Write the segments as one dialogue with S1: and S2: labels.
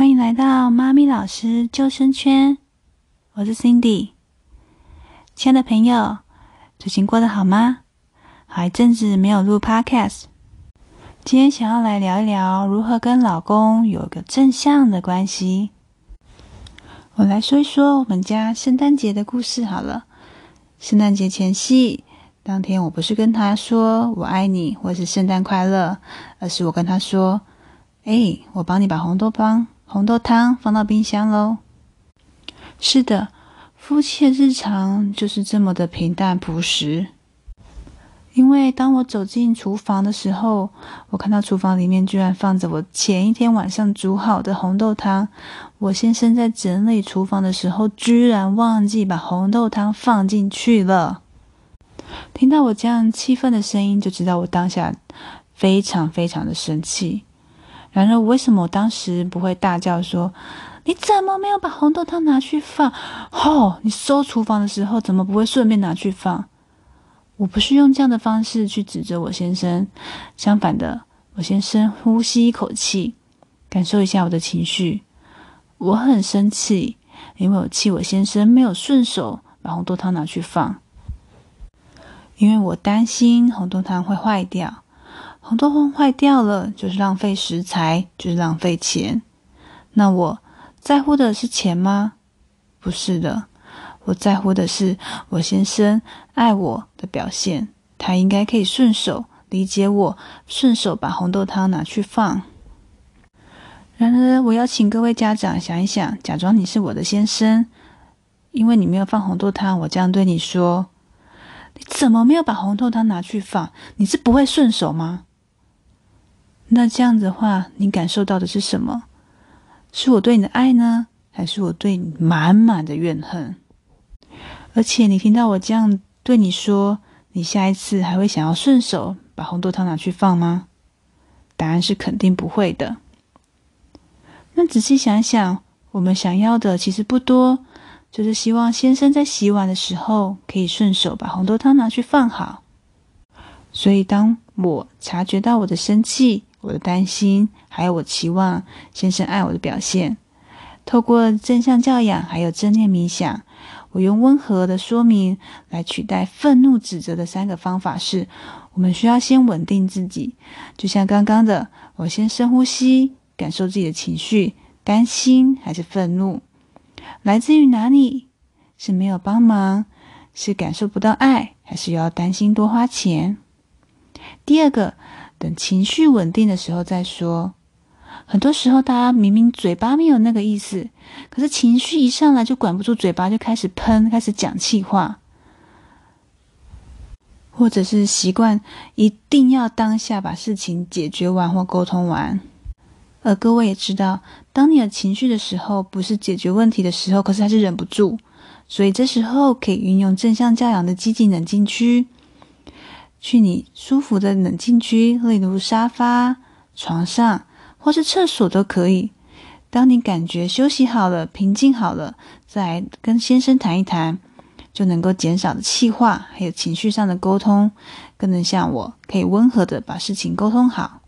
S1: 歡迎來到媽咪老師救生圈，我是 Cindy。親愛的朋友，最近過得好嗎？好一陣子沒有錄 Podcast，今天想要來聊一聊如何跟老公有個正向的關係。我來說一說我們家聖誕節的故事好了。聖誕節前夕，當天我不是跟他說“我愛你”或是“聖誕快樂”，而是我跟他說：“誒、哎，我幫你把紅豆湯。”紅豆湯放到冰箱嘍。是的，夫妻的日常就是這麼的平淡樸實。因為當我走進廚房的時候，我看到廚房裡面居然放着我前一天晚上煮好的紅豆湯。我先生在整理廚房的時候，居然忘記把紅豆湯放進去了。聽到我這樣氣憤的聲音，就知道我當下非常非常的生氣。然而為什麼我當時不會大叫說：“你怎麼沒有把紅豆湯拿去放？”吼，你收廚房的時候怎麼不會順便拿去放？我不是用這樣的方式去指責我先生，相反的，我先深呼吸一口氣，感受一下我的情緒。我很生氣，因為我氣我先生沒有順手把紅豆湯拿去放，因為我擔心紅豆湯會壞掉。紅豆湯壞掉了，就是浪費食材，就是浪費錢。那我在乎的是錢嗎？不是的，我在乎的是我先生愛我的表現。他應該可以順手理解我，順手把紅豆湯拿去放。然而，我邀請各位家長想一想，假裝你是我的先生，因為你沒有放紅豆湯，我這樣對你說：你怎麼沒有把紅豆湯拿去放？你是不會順手嗎？那這樣子的話，你感受到的是什麼？是我對你的愛呢，還是我對你滿滿的怨恨？而且你聽到我這樣對你說，你下一次還會想要順手把紅豆湯拿去放嗎？答案是肯定不會的。那仔細想想，我們想要的其實不多，就是希望先生在洗碗的時候可以順手把紅豆湯拿去放好。所以當我察覺到我的生氣，我的擔心，還有我期望先生愛我的表現，透過正向教養，還有正念冥想，我用溫和的說明來取代憤怒指責的三個方法是：我們需要先穩定自己，就像剛剛的，我先深呼吸，感受自己的情緒，擔心還是憤怒，來自於哪裡？是沒有幫忙，是感受不到愛，還是要擔心多花錢？第二個。等情緒穩定的時候再說。很多時候，大家明明嘴巴沒有那個意思，可是情緒一上來就管不住嘴巴，就開始噴，開始講氣話，或者是習慣一定要當下把事情解決完或溝通完。而各位也知道，當你有情緒的時候，不是解決問題的時候，可是還是忍不住。所以這時候可以運用正向教養的積極冷靜區。去你舒服的冷靜區，例如沙發、床上或是廁所都可以。當你感覺休息好了、平靜好了，再跟先生談一談，就能夠減少的氣話，還有情緒上的溝通，更能像我可以溫和的把事情溝通好。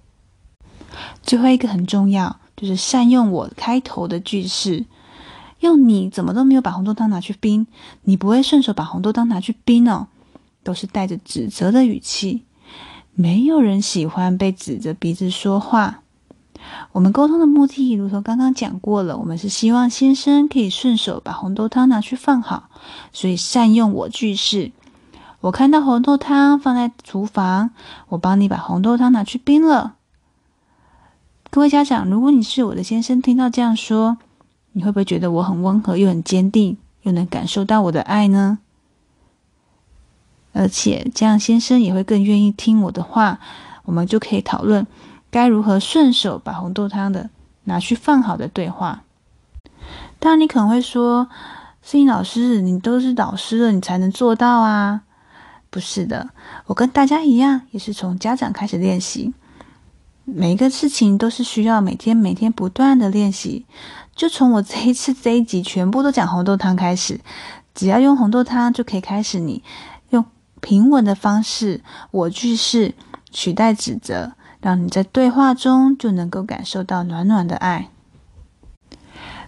S1: 最後一個很重要，就是善用我開頭的句式。用你怎麼都沒有把紅豆湯拿去冰，你不會順手把紅豆湯拿去冰哦。都是帶着指責的語氣，沒有人喜歡被指着鼻子說話。我們溝通的目的，如同剛剛講過了，我們是希望先生可以順手把紅豆湯拿去放好，所以善用我句式。我看到紅豆湯放在廚房，我幫你把紅豆湯拿去冰了。各位家長，如果你是我的先生，聽到這樣說，你會不會覺得我很溫和又很堅定，又能感受到我的愛呢？而且這樣，先生也會更願意聽我的話。我們就可以討論該如何順手把紅豆湯的拿去放好的對話。當然，你可能會說：“孫音老師，你都是老師了，你才能做到啊？”不是的，我跟大家一樣，也是從家長開始練習。每一個事情都是需要每天每天不斷地練習。就從我這一次這一集全部都講紅豆湯開始，只要用紅豆湯就可以開始你。平穩的方式，我句式取代指責，讓你在對話中就能夠感受到暖暖的愛。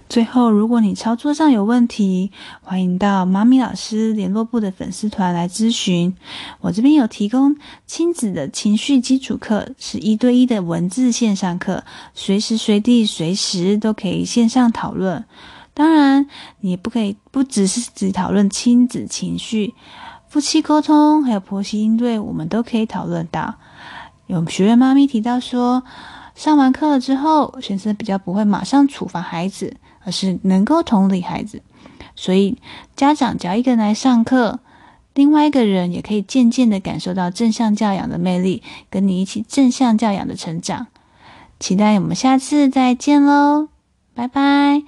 S1: 最後，如果你操作上有問題，歡迎到媽咪老師聯絡部的粉絲團來諮詢。我這邊有提供親子的情緒基礎課，是一對一的文字線上課，隨時隨地、隨時都可以線上討論。當然，你也不可以不只是只討論親子情緒。夫妻溝通，還有婆媳應對，我們都可以討論到。有學員媽咪提到說，上完課了之後，先生比較不會馬上處罰孩子，而是能夠同理孩子。所以，家長只要一個人來上課，另外一個人也可以漸漸地感受到正向教養的魅力，跟你一起正向教養的成長。期待我們下次再見嘍，拜拜。